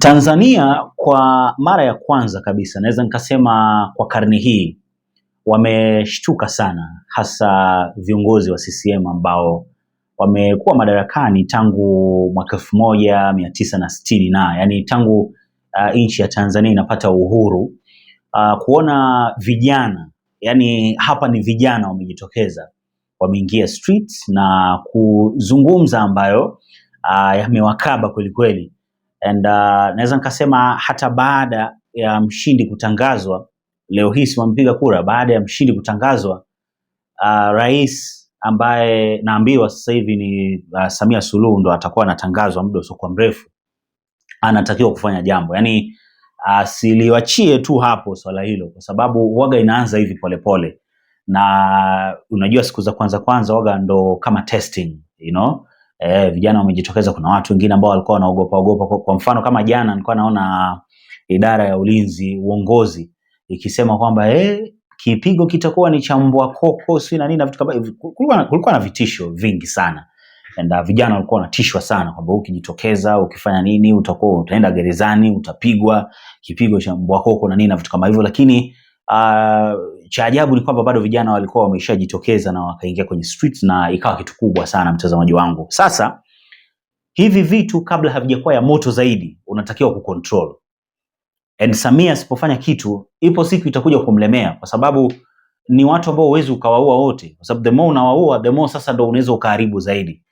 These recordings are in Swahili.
Tanzania kwa mara ya kwanza kabisa naweza nikasema kwa karne hii wameshtuka sana, hasa viongozi wa CCM ambao wamekuwa madarakani tangu mwaka elfu moja mia tisa na sitini na yani tangu uh, nchi ya Tanzania inapata uhuru uh, kuona vijana yani hapa ni vijana wamejitokeza, wameingia street na kuzungumza ambayo uh, yamewakaba kwelikweli and uh, naweza nikasema hata baada ya mshindi kutangazwa leo hii simampiga kura, baada ya mshindi kutangazwa uh, rais ambaye naambiwa sasa hivi ni uh, Samia Suluhu ndo atakuwa anatangazwa muda usiokuwa mrefu, anatakiwa kufanya jambo yani asiliwachie uh, tu hapo swala hilo, kwa sababu waga inaanza hivi polepole pole. Na unajua siku za kwanza kwanza waga ndo kama testing you know? eh, vijana wamejitokeza. Kuna watu wengine ambao walikuwa wanaogopa ogopa. Kwa mfano kama jana nilikuwa naona idara ya ulinzi uongozi ikisema kwamba eh, kipigo kitakuwa ni cha mbwa koko si na nini na vitu kama kulikuwa, kulikuwa na vitisho vingi sana na uh, vijana walikuwa wanatishwa sana kwamba ukijitokeza ukifanya nini utakuwa utaenda gerezani utapigwa kipigo cha mbwa koko na nini na vitu kama hivyo, lakini uh, cha ajabu ni kwamba bado vijana walikuwa wameshajitokeza na wakaingia kwenye streets na ikawa kitu kubwa sana, mtazamaji wangu. Sasa hivi vitu kabla havijakuwa ya moto zaidi, unatakiwa kucontrol. And Samia asipofanya kitu, ipo siku itakuja kumlemea, kwa sababu ni watu ambao huwezi ukawaua wote, kwa sababu the more unawaua the more sasa ndo unaweza ukaharibu zaidi,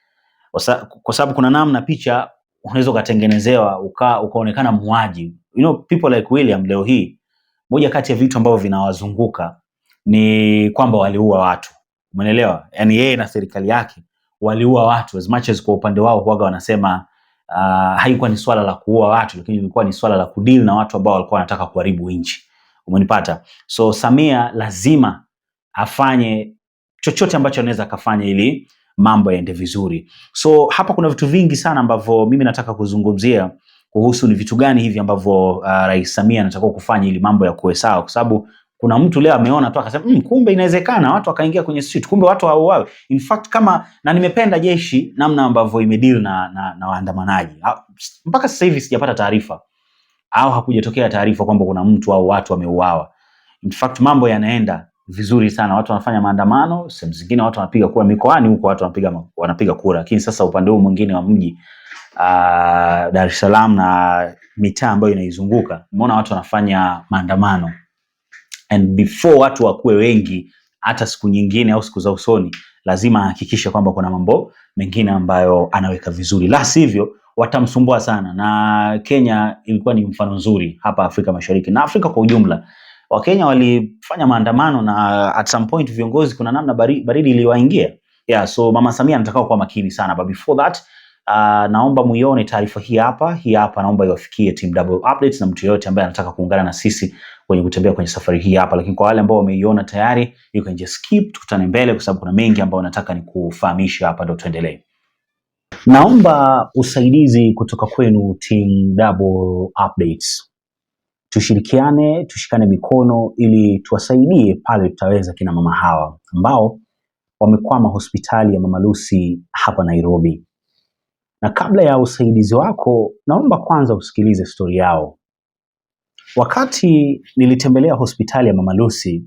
kwa sababu kuna namna picha unaweza ukatengenezewa uka, ukaonekana muaji. You know people like William leo hii, moja kati ya vitu ambavyo vinawazunguka ni kwamba waliua watu, umeelewa? Yani yeye na serikali yake waliua watu as much as kwa upande wao huaga wanasema uh, haikuwa ni swala la kuua watu, lakini ilikuwa ni swala la kudili na watu ambao walikuwa wanataka kuharibu nchi, umenipata? So Samia lazima afanye chochote ambacho anaweza akafanya ili mambo yaende vizuri. So hapa kuna vitu vingi sana ambavyo mimi nataka kuzungumzia kuhusu ni vitu gani hivi ambavyo uh, Rais Samia anatakiwa kufanya ili mambo ya kuwe sawa, kwa sababu kuna mtu leo ameona tu akasema mmm, kumbe inawezekana watu wakaingia kwenye street, kumbe watu hawauawi. In fact kama na nimependa jeshi namna ambavyo imedeal na na, na waandamanaji. Mpaka sasa hivi sijapata taarifa au hakujatokea taarifa kwamba kuna mtu au watu wameuawa. In fact mambo yanaenda vizuri sana, watu wanafanya maandamano, sehemu zingine watu wanapiga kura, mikoani huko watu wanapiga wanapiga kura. Lakini sasa upande huu mwingine wa mji uh, Dar es Salaam na mitaa ambayo inaizunguka, umeona watu wanafanya maandamano and before watu wakuwe wengi hata siku nyingine au siku za usoni, lazima ahakikishe kwamba kuna mambo mengine ambayo anaweka vizuri, la sivyo watamsumbua sana. Na Kenya ilikuwa ni mfano nzuri hapa Afrika Mashariki na Afrika kwa ujumla. Wakenya walifanya maandamano na at some point viongozi, kuna namna baridi iliwaingia. Yeah, so Mama Samia anataka kuwa makini sana, but before that uh, naomba muione taarifa hii hapa, hii hapa, naomba iwafikie Team Double Updates na mtu yoyote ambaye anataka kuungana na sisi kwenye kutembea kwenye safari hii hapa, lakini kwa wale ambao wameiona tayari, you can just skip, tukutane mbele, kwa sababu kuna mengi ambayo nataka nikufahamisha hapa, ndio tuendelee. Naomba usaidizi kutoka kwenu team Double Updates, tushirikiane, tushikane mikono ili tuwasaidie pale tutaweza kina mama hawa ambao wamekwama hospitali ya Mama Lucy hapa Nairobi. Na kabla ya usaidizi wako, naomba kwanza usikilize stori yao Wakati nilitembelea hospitali ya Mama Lucy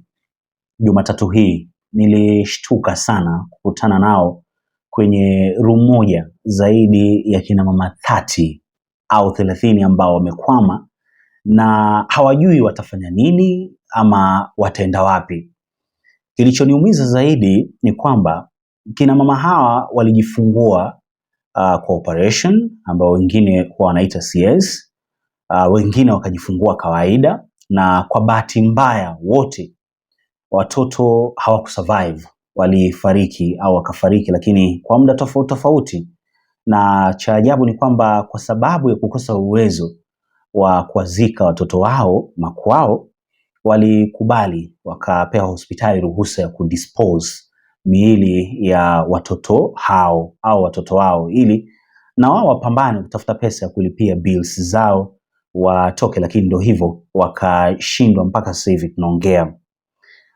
Jumatatu hii, nilishtuka sana kukutana nao kwenye room moja zaidi ya kina mama thati au thelathini ambao wamekwama na hawajui watafanya nini ama wataenda wapi. Kilichoniumiza zaidi ni kwamba kina mama hawa walijifungua uh, kwa operation ambao wengine huwa wanaita CS uh, wengine wakajifungua kawaida, na kwa bahati mbaya wote watoto hawakusurvive, walifariki au wakafariki, lakini kwa muda tofauti tofauti. Na cha ajabu ni kwamba kwa sababu ya kukosa uwezo wa kuwazika watoto wao makwao, walikubali wakapewa hospitali ruhusa ya kudispose miili ya watoto hao au watoto wao, ili na wao wapambane kutafuta pesa ya kulipia bills zao watoke, lakini ndio hivyo wakashindwa. Mpaka sasa hivi tunaongea,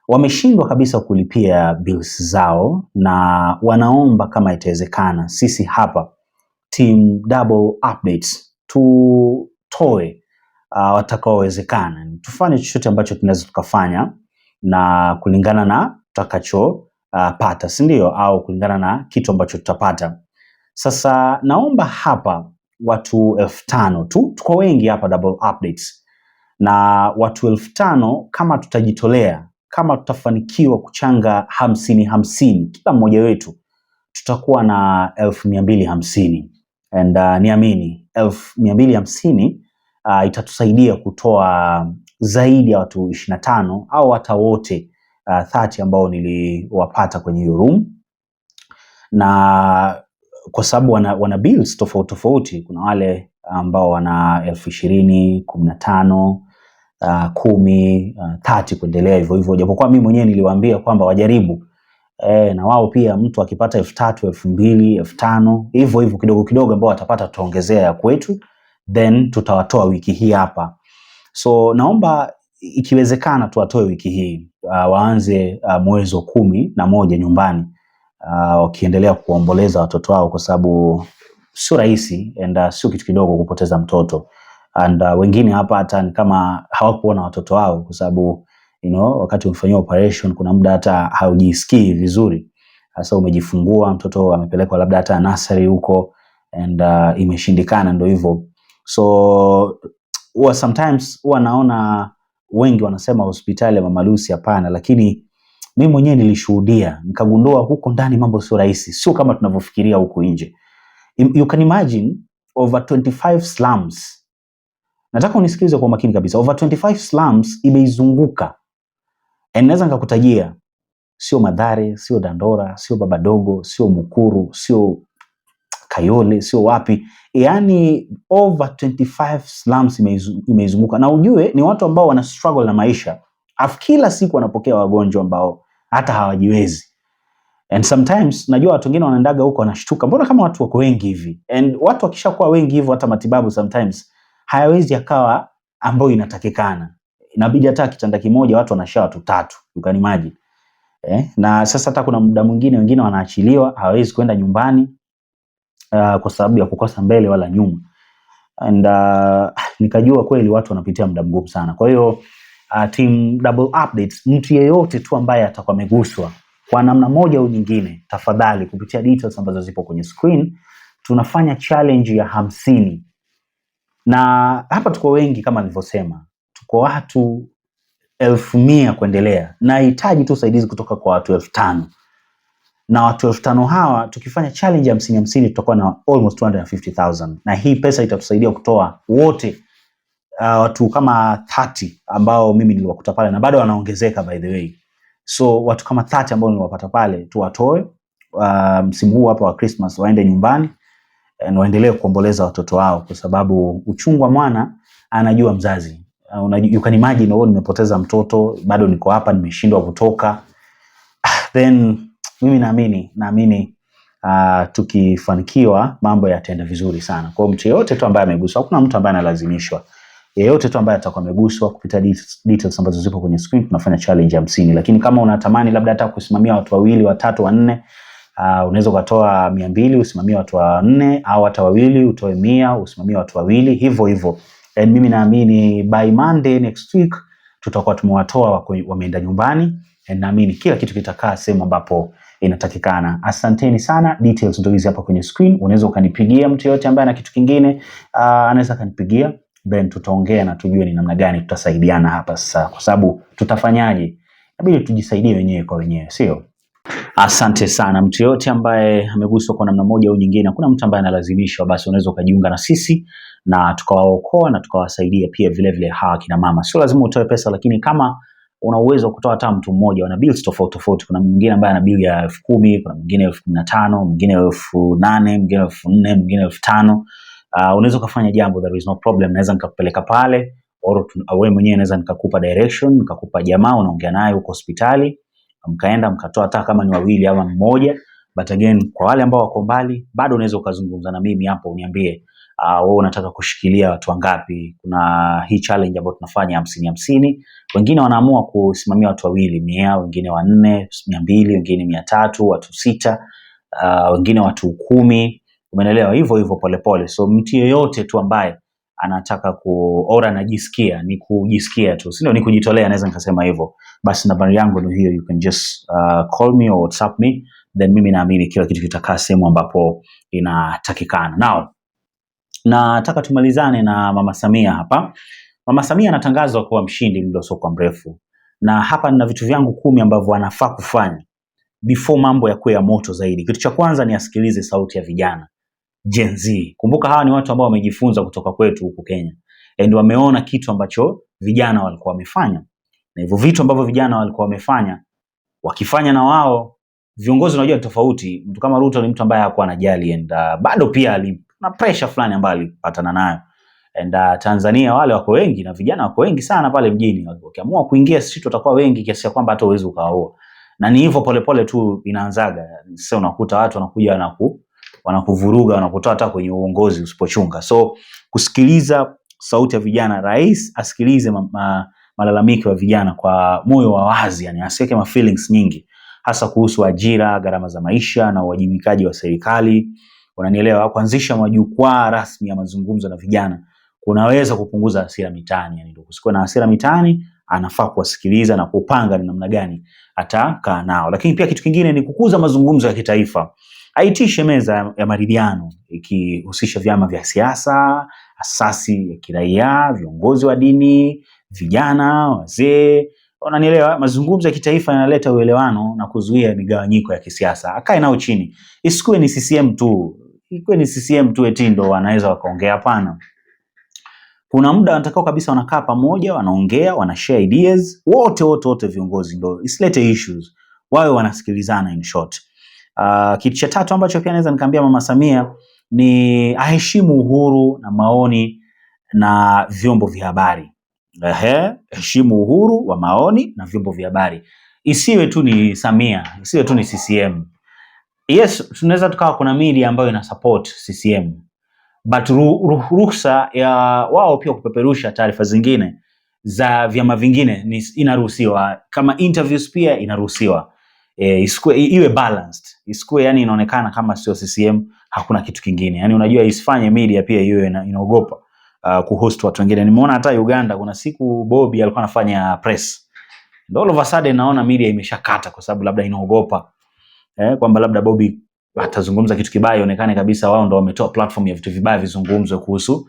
wameshindwa kabisa kulipia bills zao, na wanaomba kama itawezekana, sisi hapa team double updates tutoe uh, watakaowezekana, tufanye chochote ambacho tunaweza tukafanya na kulingana na tutakachopata uh, si ndio? Au kulingana na kitu ambacho tutapata. Sasa naomba hapa watu elfu tano tu, tuko wengi hapa Double Updates, na watu elfu tano kama tutajitolea, kama tutafanikiwa kuchanga hamsini hamsini kila mmoja wetu, tutakuwa na elfu mia mbili hamsini and uh, niamini elfu mia mbili hamsini uh, itatusaidia kutoa zaidi ya watu ishirini na tano au hata wote uh, ambao niliwapata kwenye hiyo room na kwa sababu wana, wana bills tofauti tofauti. Kuna wale ambao wana elfu ishirini kumi na tano uh, kumi uh, ah, tati kuendelea hivyo hivyo, japokuwa mimi mwenyewe niliwaambia kwamba wajaribu e, na wao pia mtu akipata elfu tatu elfu mbili elfu tano hivyo hivyo kidogo kidogo, ambao watapata tutaongezea ya kwetu, then tutawatoa wiki hii hapa. So naomba ikiwezekana tuwatoe wiki hii uh, waanze uh, mwezi wa kumi na moja nyumbani Ah, wakiendelea kuomboleza watoto wao, kwa sababu sio rahisi enda uh, sio kitu kidogo kupoteza mtoto and uh, wengine hapa hata ni kama hawakuona watoto wao, kwa sababu you know, wakati umefanyia operation kuna muda hata haujisikii vizuri, hasa umejifungua mtoto amepelekwa labda hata nasari huko and uh, imeshindikana, ndio hivyo so huwa sometimes huwa naona wengi wanasema hospitali ya Mama Lucy hapana, lakini mimi mwenyewe nilishuhudia, nikagundua huko ndani mambo sio rahisi, sio kama tunavyofikiria huko nje. You can imagine over 25 slums. Nataka unisikilize kwa makini kabisa. Over 25 slums imeizunguka. and Naweza nikakutajia sio Madhare, sio Dandora, sio Baba Dogo, sio Mukuru, sio Kayole, sio wapi. yani over 25 slums imeizunguka. Na ujue ni watu ambao wana struggle na maisha. Afu kila siku wanapokea wagonjwa ambao hata hawajiwezi. And sometimes najua watu wengine wanaendaga huko wanashtuka, mbona kama watu wako wengi hivi? And watu wakishakuwa wengi hivyo, hata matibabu sometimes hayawezi yakawa ambayo inatakikana, inabidi hata kitanda kimoja watu wanashia watu tatu, you can imagine eh. Na sasa hata kuna muda mwingine wengine wanaachiliwa, hawawezi kwenda nyumbani uh, kwa sababu ya kukosa mbele wala nyuma and uh, nikajua kweli watu wanapitia muda mgumu sana, kwa hiyo uh, team double updates, mtu yeyote tu ambaye atakuwa ameguswa kwa namna moja au nyingine, tafadhali kupitia details ambazo zipo kwenye screen, tunafanya challenge ya hamsini na hapa tuko wengi kama nilivyosema, tuko watu elfu mia kuendelea. Nahitaji tu usaidizi kutoka kwa watu elfu tano na watu elfu tano hawa tukifanya challenge ya hamsini hamsini tutakuwa na almost 250,000 na hii pesa itatusaidia kutoa wote uh, watu kama 30 ambao mimi niliwakuta pale na bado wanaongezeka by the way. So watu kama 30 ambao niliwapata pale tuwatoe um, msimu um, huu hapa wa Christmas waende nyumbani na waendelee kuomboleza watoto wao, kwa sababu uchungu wa mwana anajua mzazi. Uh, unajua, you can imagine wewe, oh, nimepoteza mtoto bado niko hapa, nimeshindwa kutoka. Then mimi naamini naamini uh, tukifanikiwa mambo yataenda vizuri sana. Kwa hiyo mtu yote tu ambaye ameguswa, hakuna mtu ambaye analazimishwa yeyote tu ambaye atakuwa ameguswa kupita details ambazo zipo kwenye screen, tunafanya challenge hamsini. Lakini kama unatamani labda hata kusimamia watu wawili watatu wanne, uh, unaweza ukatoa mia mbili usimamie watu wanne au hata wawili utoe mia usimamie watu wawili hivyo hivyo. And mimi naamini by Monday next week tutakuwa tumewatoa wameenda nyumbani, and naamini kila kitu kitakaa sehemu ambapo inatakikana. Asanteni sana. Details ndio hizi hapa kwenye screen, unaweza ukanipigia mtu yoyote ambaye ana kitu kingine, uh, anaweza akanipigia then tutaongea na tujue ni namna gani tutasaidiana hapa sasa, kwa sababu tutafanyaje? Inabidi tujisaidie wenyewe kwa wenyewe, sio? Asante sana mtu yote ambaye ameguswa kwa namna moja au nyingine. Kuna mtu ambaye analazimishwa, basi unaweza ukajiunga na sisi na tukawaokoa na tukawasaidia pia vile vile hawa kina mama. Sio lazima utoe pesa, lakini kama una uwezo wa kutoa hata mtu mmoja, wana bills tofauti tofauti. Kuna mwingine ambaye ana bill ya elfu kumi, kuna mwingine elfu kumi na tano, mwingine elfu nane, mwingine elfu nne, mwingine elfu tano. Uh, unaweza ukafanya jambo, there is no problem, naweza nikakupeleka pale, or ah, wewe mwenyewe naweza nikakupa direction, nikakupa jamaa unaongea naye huko hospitali, mkaenda mkatoa, hata kama ni wawili ama mmoja. But again, kwa wale ambao wako mbali bado unaweza ukazungumza na mimi hapo, uniambie uh, wewe unataka kushikilia watu wangapi? Kuna hii challenge ambayo tunafanya hamsini hamsini, wengine wanaamua kusimamia watu wawili mia, wengine wanne mia mbili, wengine mia tatu, watu sita, uh, wengine watu kumi Umeelewa? Hivyo hivyo polepole. So mtu yeyote tu ambaye anataka ku ora anajisikia ni kujisikia tu, sio Ni kujitolea, naweza nikasema hivyo. Basi nambari yangu ndio hiyo, you can just uh, call me or whatsapp me, then mimi naamini kila kitu kitakaa sehemu ambapo inatakikana. Now nataka tumalizane na mama Samia hapa. Mama Samia anatangazwa kuwa mshindi muda kwa mrefu, na hapa nina vitu vyangu kumi ambavyo anafaa kufanya before mambo ya kuwa ya moto zaidi. Kitu cha kwanza ni asikilize sauti ya vijana. Gen Z. Kumbuka hawa ni watu ambao wamejifunza kutoka kwetu huku Kenya and wameona kitu ambacho vijana walikuwa wamefanya, na hivyo vitu ambavyo vijana walikuwa wamefanya wakifanya na wao viongozi, unajua tofauti. Mtu kama Ruto ni mtu ambaye hakuwa anajali and uh, bado pia na pressure fulani ambayo alipatana nayo and uh, Tanzania wale wako wengi na vijana wako wengi sana pale mjini, wakiamua kuingia sisi tutakuwa wengi kiasi kwamba hata uwezo ukaoa, na ni hivyo polepole tu inaanzaga. Sasa unakuta watu wanakuja na ku wanakuvuruga, wanakutoa hata kwenye uongozi usipochunga. So kusikiliza sauti ya vijana, rais asikilize ma, ma, malalamiko ya vijana kwa moyo wa wazi, yani asiweke ma feelings nyingi, hasa kuhusu ajira, gharama za maisha na uwajibikaji wa serikali. Unanielewa? Kuanzisha majukwaa rasmi ya mazungumzo na vijana kunaweza kupunguza hasira mitaani, yani ndio kusikuwa na hasira mitaani anafaa kuwasikiliza na kupanga ni namna gani atakaa nao. Lakini pia kitu kingine ni kukuza mazungumzo ya kitaifa. Aitishe meza ya maridhiano ikihusisha vyama vya siasa, asasi ya kiraia, viongozi wa dini, vijana, wazee Unanielewa, mazungumzo ya kitaifa yanaleta uelewano na kuzuia migawanyiko ya kisiasa. Akae nao chini, isikuwe ni CCM tu, ikuwe ni CCM tu eti ndo wanaweza wakaongea. Hapana kuna muda wanatakao kabisa wanakaa pamoja, wanaongea, share ideas wote wote wote viongozi, ndio isilete issues, wawe wanasikilizana in short. Uh, kitu cha tatu ambacho pia naweza nikamwambia Mama Samia ni aheshimu uhuru na maoni na vyombo vya habari. Ehe, heshimu uhuru wa maoni na vyombo vya habari, isiwe tu ni Samia, isiwe tu ni CCM. Yes, tunaweza tukawa kuna media ambayo ina support CCM but ruhusa ya wao pia kupeperusha taarifa zingine za vyama vingine ni inaruhusiwa, kama interviews pia inaruhusiwa. E, isikue iwe balanced, isikue yani inaonekana kama sio CCM, hakuna kitu kingine yani, unajua isifanye media pia hiyo ina, inaogopa uh, kuhost watu wengine. Nimeona hata Uganda kuna siku Bobby alikuwa anafanya press, ndio all of a sudden naona media imeshakata kwa sababu labda inaogopa eh, kwamba labda Bobby watazungumza kitu kibaya ionekane kabisa wao ndo wametoa platform ya vitu vibaya vizungumzwe kuhusu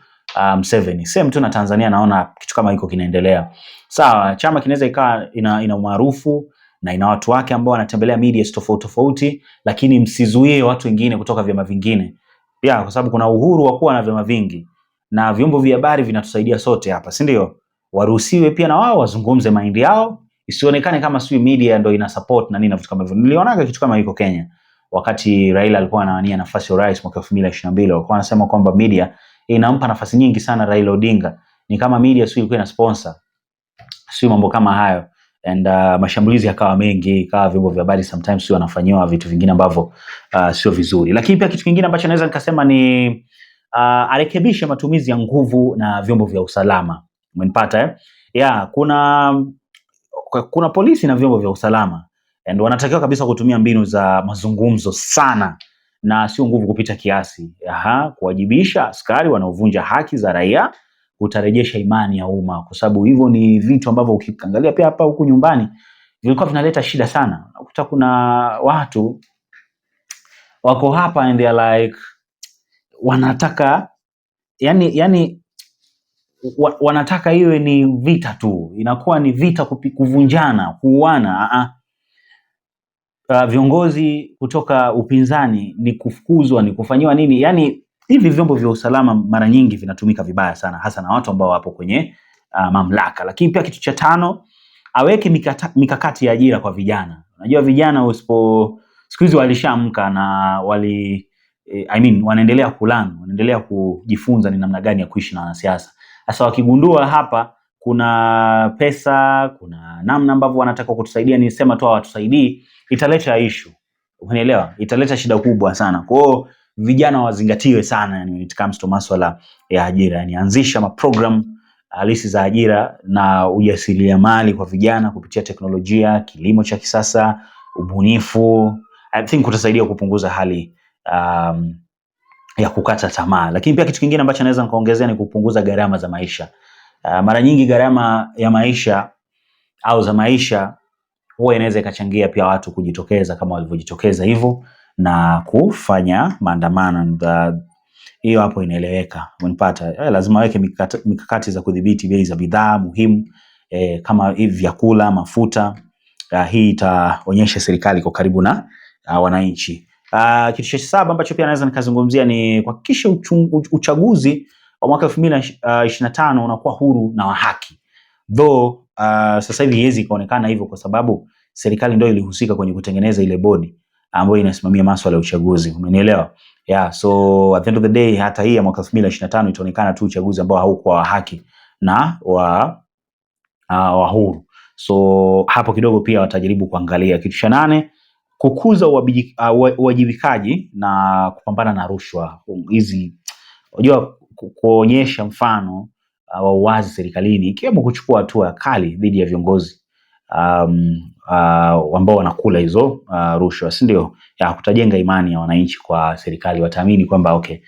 um, Seven. Same tu na Tanzania naona kitu kama hiko kinaendelea. Sawa, chama kinaweza ikawa ina, ina umaarufu na ina watu wake ambao wanatembelea media tofauti tofauti, lakini msizuie watu wengine kutoka vyama vingine. Ya, kwa sababu kuna uhuru wa kuwa na vyama vingi na vyombo vya habari vinatusaidia sote hapa, si ndio? Waruhusiwe pia na wao wazungumze maindi yao, isionekane kama sio media ndio ina support na nini na vitu kama hivyo. Nilionaga kitu kama hiko Kenya wakati Raila alikuwa anawania nafasi ya urais mwaka na mbili walikuwa wanasema kwamba media inampa nafasi nyingi sana Raila Odinga, ni kama media sio ilikuwa ina sponsor, sio mambo kama hayo and uh, mashambulizi yakawa mengi, ikawa vyombo vya habari sometimes sio wanafanyiwa vitu vingine ambavyo uh, sio vizuri. Lakini pia kitu kingine ambacho naweza nikasema ni uh, arekebishe matumizi ya nguvu na vyombo vya usalama. Umenipata eh? Yeah, kuna kuna polisi na vyombo vya usalama and wanatakiwa kabisa kutumia mbinu za mazungumzo sana na sio nguvu kupita kiasi. Aha, kuwajibisha askari wanaovunja haki za raia utarejesha imani ya umma, kwa sababu hivyo ni vitu ambavyo ukiangalia pia hapa huku nyumbani vilikuwa vinaleta shida sana. Unakuta kuna watu wako hapa and they are like wanataka yani, yani wa, wanataka iwe ni vita tu, inakuwa ni vita kupi, kuvunjana kuuana uh, viongozi kutoka upinzani ni kufukuzwa, ni kufanyiwa nini? Yaani hivi vyombo vya usalama mara nyingi vinatumika vibaya sana, hasa na watu ambao wapo kwenye uh, mamlaka. Lakini pia kitu cha tano, aweke mikata, mikakati ya ajira kwa vijana. Unajua vijana usipo siku hizi walishaamka na wali eh, I mean, wanaendelea kulan wanaendelea kujifunza ni namna gani ya kuishi na wanasiasa. Sasa wakigundua hapa kuna pesa, kuna namna ambavyo wanataka kutusaidia, ni sema tu hawatusaidii, italeta issue, unielewa, italeta shida kubwa sana. Kwa hiyo vijana wazingatiwe sana, yani it comes to masuala ya ajira, yani anzisha maprogram uh, halisi za ajira na ujasiriamali kwa vijana kupitia teknolojia, kilimo cha kisasa, ubunifu. I think kutasaidia kupunguza hali um, ya kukata tamaa, lakini pia kitu kingine ambacho naweza nikaongezea ni kupunguza gharama za maisha. Uh, mara nyingi gharama ya maisha au za maisha huwa inaweza ikachangia pia watu kujitokeza kama walivyojitokeza hivyo na kufanya maandamano. Ah, hiyo hapo inaeleweka, unipata. Eh, lazima weke mikakati mikakati za kudhibiti bei za bidhaa muhimu eh, kama hivi vyakula, mafuta. Uh, hii itaonyesha serikali kwa karibu na uh, wananchi. Uh, kitu cha saba ambacho pia naweza nikazungumzia ni kuhakikisha uchaguzi wa mwaka 2025 uh, unakuwa huru na wa haki. Though uh, sasa hivi haiwezi ikaonekana hivyo kwa sababu serikali ndio ilihusika kwenye kutengeneza ile bodi ambayo inasimamia masuala ya uchaguzi. Umenielewa? Yeah, so at the end of the day hata hii ya mwaka 2025 itaonekana tu uchaguzi ambao haukuwa wa haki na wa uh, wa huru. So hapo kidogo pia watajaribu kuangalia kitu cha nane kukuza uh, uwajibikaji uh, na kupambana na rushwa. Hizi unajua kuonyesha mfano uh, wa uh, uwazi serikalini ikiwemo kuchukua hatua kali dhidi ya viongozi um, uh, ambao wanakula hizo uh, rushwa, si ndio? Kutajenga imani ya wananchi kwa serikali, wataamini kwamba okay,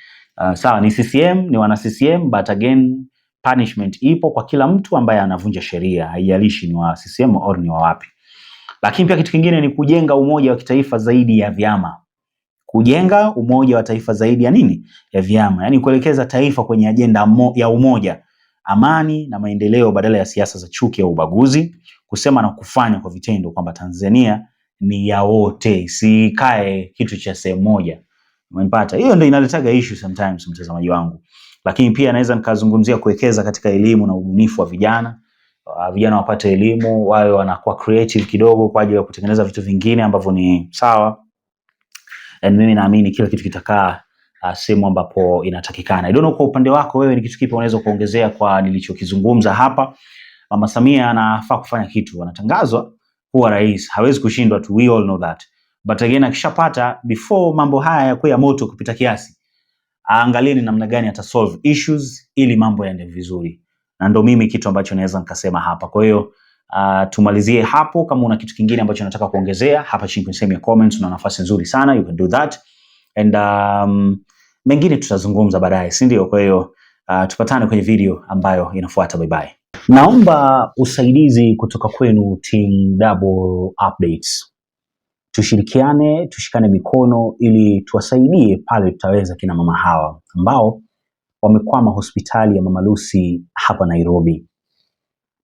uh, sawa ni CCM, ni wana CCM, but again punishment ipo kwa kila mtu ambaye anavunja sheria, haijalishi ni wa CCM au ni wa wapi. Lakini pia kitu kingine ni kujenga umoja wa kitaifa zaidi ya vyama kujenga umoja wa taifa zaidi ya nini ya vyama, yaani kuelekeza taifa kwenye ajenda ya umoja, amani na maendeleo badala ya siasa za chuki au ubaguzi, kusema na kufanya kwa vitendo kwamba Tanzania ni ya wote, isikae kitu cha sehemu moja. Umenipata? Hiyo ndio inaletaga issue sometimes, mtazamaji wangu, lakini pia naweza nikazungumzia kuwekeza katika elimu na ubunifu wa vijana ah, vijana wapate elimu wawe wanakuwa creative kidogo kwa ajili ya kutengeneza vitu vingine ambavyo ni sawa and mimi naamini kila kitu kitakaa uh, sehemu ambapo inatakikana. I don't know kwa upande wako wewe ni kitu kipi unaweza kuongezea kwa nilichokizungumza hapa. Mama Samia anafaa kufanya kitu, anatangazwa kuwa rais, hawezi kushindwa tu, we all know that. But again akishapata, before mambo haya yakuwa ya moto kupita kiasi, aangalie ni namna gani ata solve issues ili mambo yaende vizuri, na ndo mimi kitu ambacho naweza nikasema hapa. Kwa hiyo Uh, tumalizie hapo. Kama una kitu kingine ambacho unataka kuongezea hapa chini kwenye sehemu ya comments, una nafasi nzuri sana, you can do that and um, mengine tutazungumza baadaye, si ndio? Kwa hiyo uh, tupatane kwenye video ambayo inafuata. Bye bye. Naomba usaidizi kutoka kwenu team Double Updates, tushirikiane, tushikane mikono ili tuwasaidie pale tutaweza kina mama hawa ambao wamekwama hospitali ya Mama Lucy hapa Nairobi.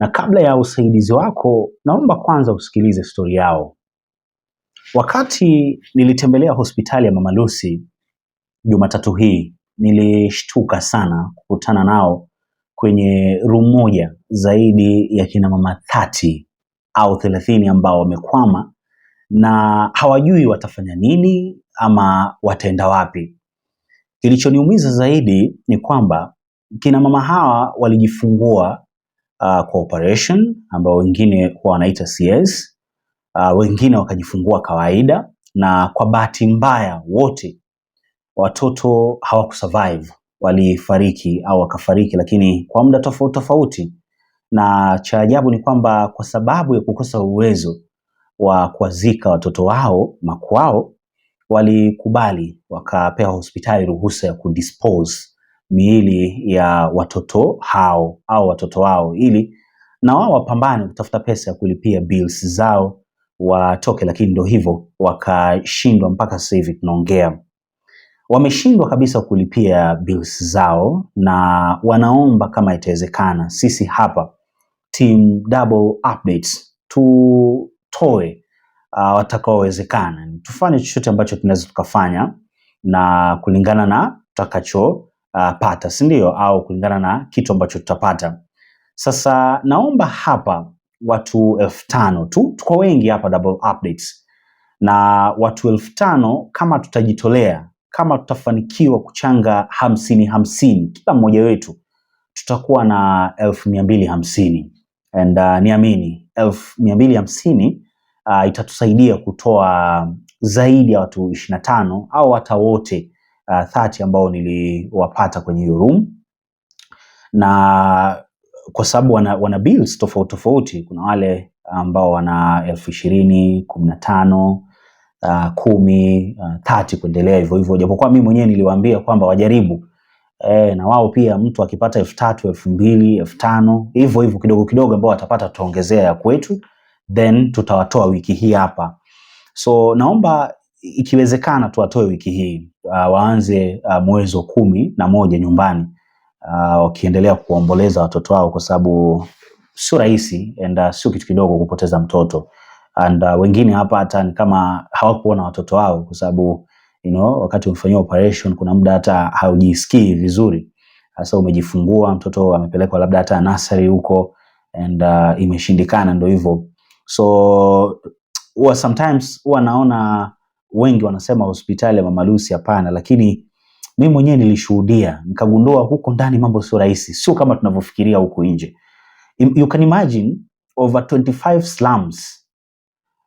Na kabla ya usaidizi wako, naomba kwanza usikilize stori yao. Wakati nilitembelea hospitali ya Mama Lucy Jumatatu hii, nilishtuka sana kukutana nao kwenye room moja zaidi ya kina mama thati au thelathini ambao wamekwama na hawajui watafanya nini ama wataenda wapi. Kilichoniumiza zaidi ni kwamba kina mama hawa walijifungua uh, cooperation ambao wengine huwa wanaita CS, uh, wengine wakajifungua kawaida, na kwa bahati mbaya wote watoto hawakusurvive, walifariki au wakafariki, lakini kwa muda tofauti tofauti. Na cha ajabu ni kwamba kwa sababu ya kukosa uwezo wa kuwazika watoto wao makwao, walikubali wakapewa hospitali ruhusa ya kudispose miili ya watoto hao au watoto wao, ili na wao wapambane kutafuta pesa ya kulipia bills zao watoke, lakini ndio hivyo wakashindwa. Mpaka sasa hivi tunaongea, wameshindwa kabisa kulipia bills zao, na wanaomba kama itawezekana, sisi hapa team double updates tutoe uh, watakaowezekana, tufanye chochote ambacho tunaweza tukafanya na kulingana na tutakacho uh, pata si ndio? Au kulingana na kitu ambacho tutapata. Sasa naomba hapa watu elfu tano tu, tuko wengi hapa double updates, na watu elfu tano kama tutajitolea, kama tutafanikiwa kuchanga hamsini hamsini kila mmoja wetu, tutakuwa na elfu mia mbili hamsini and uh, niamini elfu mia mbili hamsini uh, itatusaidia kutoa zaidi ya watu ishirini na tano au hata wote 30 uh, ambao niliwapata kwenye hiyo room, na kwa sababu wana, wana bills tofauti tofauti. Kuna wale ambao wana elfu ishirini, kumi na tano, uh, kumi, uh, thati kuendelea hivyo hivyo, japokuwa mimi mwenyewe niliwaambia kwamba wajaribu E, na wao pia mtu akipata elfu tatu elfu mbili elfu tano hivyo hivyo kidogo kidogo, ambao watapata tutaongezea ya kwetu, then tutawatoa wiki hii hapa. So naomba ikiwezekana tuwatoe wiki hii uh, waanze uh, mwezi wa kumi na moja nyumbani uh, wakiendelea kuomboleza watoto wao, kwa sababu sio rahisi and uh, sio kitu kidogo kupoteza mtoto and uh, wengine hapa hata ni kama hawakuona watoto wao, kwa sababu you know, wakati umefanyia operation kuna muda hata haujisikii vizuri, hasa umejifungua mtoto amepelekwa labda hata nasari huko and uh, imeshindikana, ndio hivyo so huwa sometimes huwa naona wengi wanasema hospitali ya Mama Lucy, hapana, lakini mi mwenyewe nilishuhudia nikagundua huko ndani mambo sio rahisi, sio kama tunavyofikiria huko nje. You can imagine over 25 slums.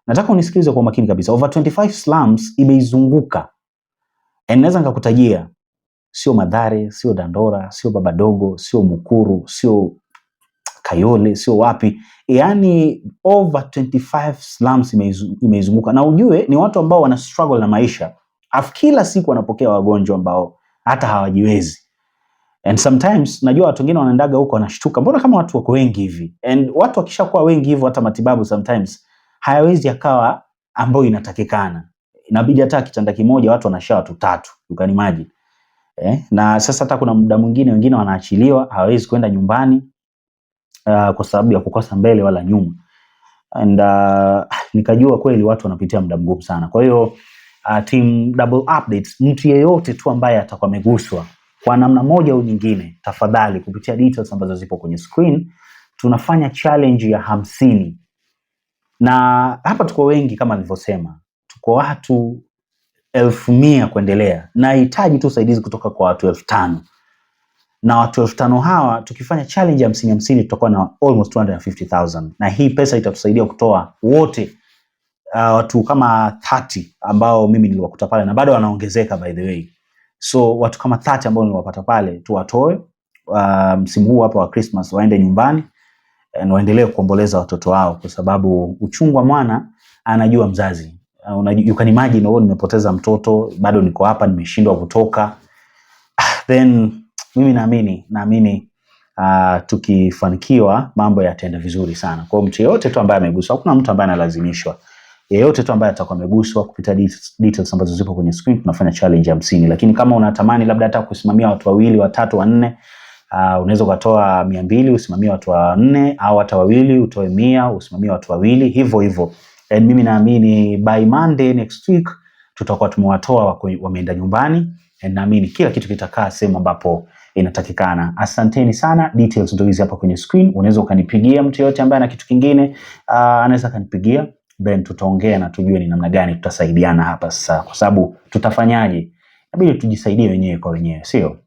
Nataka unisikilize kwa makini kabisa. Over 25 slums imeizunguka, naweza nikakutajia, sio Madhare, sio Dandora, sio Baba Dogo, sio Mukuru, sio Kayole, sio wapi, yani over 25 slums imeizunguka, na ujue ni watu ambao wana struggle na maisha, afu kila siku wanapokea wagonjwa ambao hata hawajiwezi. And sometimes najua watu wengine wanaendaga huko wanashtuka, mbona kama watu wako wengi hivi? And watu wakishakuwa wengi hivyo, hata matibabu sometimes hayawezi yakawa ambayo inatakikana, inabidi hata kitanda kimoja watu wanashaa watu tatu, you can imagine eh. Na sasa hata kuna muda mwingine wengine wanaachiliwa, hawawezi kwenda nyumbani, uh, kwa sababu ya kukosa mbele wala nyuma and uh, nikajua kweli watu wanapitia muda mgumu sana. Kwa hiyo uh, team double updates, mtu yeyote tu ambaye atakuwa ameguswa kwa namna moja au nyingine, tafadhali kupitia details ambazo zipo kwenye screen, tunafanya challenge ya hamsini na hapa tuko wengi kama nilivyosema, tuko watu elfu mia kuendelea, nahitaji tu usaidizi kutoka kwa watu elfu tano na watu elfu tano hawa tukifanya challenge ya hamsini hamsini tutakuwa na almost 250,000 na hii pesa itatusaidia kutoa wote uh, watu kama 30 ambao mimi niliwakuta pale na bado wanaongezeka by the way. So watu kama 30 ambao niliwapata pale tuwatoe uh, msimu um, huu hapa wa Christmas waende nyumbani na waendelee kuomboleza watoto wao, kwa sababu uchungu wa mwana anajua mzazi. Uh, you can imagine, oh, nimepoteza mtoto bado niko hapa, nimeshindwa kutoka then mimi naamini naamini uh, tukifanikiwa mambo yataenda vizuri sana. kwao mtu yeyote tu ambaye ameguswa, hakuna mtu ambaye analazimishwa. Yeyote tu ambaye atakuwa ameguswa kupita details ambazo zipo kwenye screen, tunafanya challenge hamsini, lakini kama unatamani labda hata kusimamia watu wawili, watatu, wanne Uh, unaweza ukatoa mia mbili usimamie watu wanne au hata wawili, utoe mia usimamie watu wawili, hivyo hivyo. And mimi naamini by Monday next week tutakuwa tumewatoa wameenda nyumbani, and naamini kila kitu kitakaa sehemu ambapo inatakikana. Asanteni sana, details ndio hizi hapa kwenye screen. Unaweza ukanipigia mtu yote ambaye ana kitu kingine, uh, anaweza akanipigia, then tutaongea na tujue ni namna gani tutasaidiana hapa sasa, kwa sababu tutafanyaje, inabidi tujisaidie wenyewe kwa wenyewe, sio